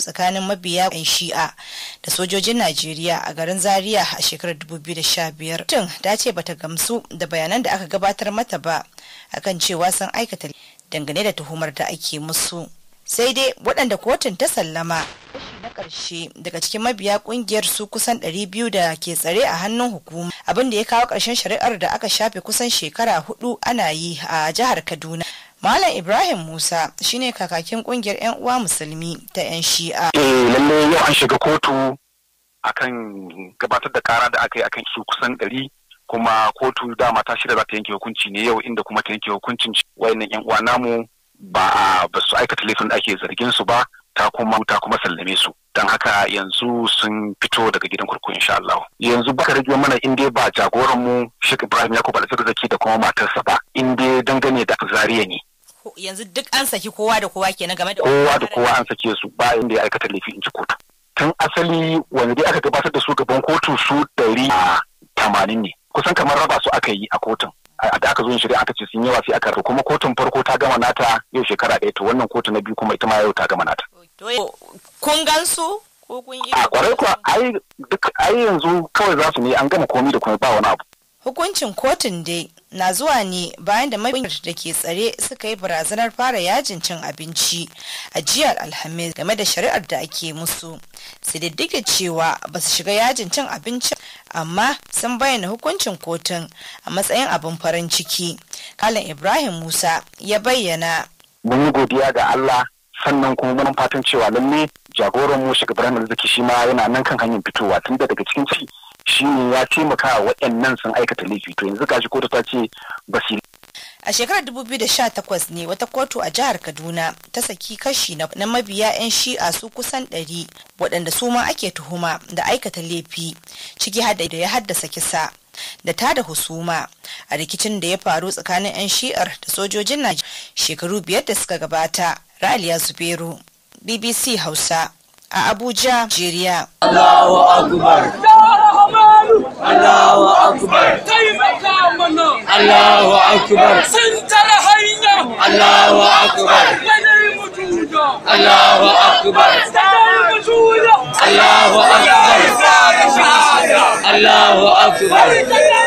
tsakanin mabiya yan shi'a da sojojin najeriya a garin zaria a shekarar 2015 tun ta ce bata gamsu da bayanan da aka gabatar mata ba akan cewa sun aikata dangane da tuhumar da ake musu sai dai waɗanda kotun ta sallama na ƙarshe daga cikin mabiya ƙungiyar su kusan 200 da ke tsare a hannun hukuma abin da ya kawo ƙarshen shari'ar da aka shafe kusan shekara hudu ana yi a jihar kaduna Malam Ibrahim Musa shine kakakin kungiyar 'yan uwa musulmi ta 'yan shi'a. Eh lalle yau an shiga kotu akan gabatar da kara da aka yi akan su kusan ɗari kuma kotu dama ta shirya za ta yanke hukunci ne yau inda kuma ta yanke hukuncin wayannan 'yan uwa namu ba ba su aikata laifin da ake zargin su ba ta kuma ta kuma sallame su don haka yanzu sun fito daga gidan kurkuku insha Allah yanzu baka rage mana in dai ba jagoran mu Sheikh Ibrahim Yakubu Al-Zaki da kuma matarsa ba in dai dangane da zariya ne yanzu duk an saki kowa da kowa kenan game da kowa da kowa an sake su ba inda ya aikata laifi in ji kotu tun asali wanda dai aka gabatar da su gaban kotu su ɗari a tamanin ne kusan kamar raba su aka yi a kotun da aka zo yin shari'a aka ce sun yawa sai aka rufe kuma kotun farko ta gama nata yau shekara ɗaya to wannan kotu na biyu kuma ita ma yau ta gama nata. kun gan su a kwarai kuwa ai duk ai yanzu kawai za su ne an gama komi da kuma ba wani abu. hukuncin kotun dai na zuwa ne bayan da mabiyar da ke tsare suka yi barazanar fara yajin cin abinci a jiyar alhamis game da shari'ar da ake musu sai duk da cewa ba su shiga yajin cin abinci amma sun bayyana hukuncin kotun a matsayin abin farin ciki kalin ibrahim musa ya bayyana mun yi godiya ga allah sannan kuma mun fatan cewa lalle jagoran mu shugaban arziki shi ma yana nan kan hanyar fitowa tun daga cikin ciki shi ya taimaka wa waɗannan sun aikata laifi to yanzu gashi kotu ta ce ba shi A shekarar 2018 ne wata kotu a jihar Kaduna ta saki kashi na mabiya 'yan shi'a su kusan 100 waɗanda su ma ake tuhuma da aikata laifi ciki hada da ya haddasa kisa da ta da husuma a rikicin da ya faru tsakanin 'yan shi'ar da sojojin Najeriya shekaru biyar da suka gabata. Raliya Zubairu, BBC Hausa, a Abuja, Nigeria. Allahu Akbar. أكبر الله أكبر سنتر الله أكبر بنا المجودة الله أكبر الله أكبر الله أكبر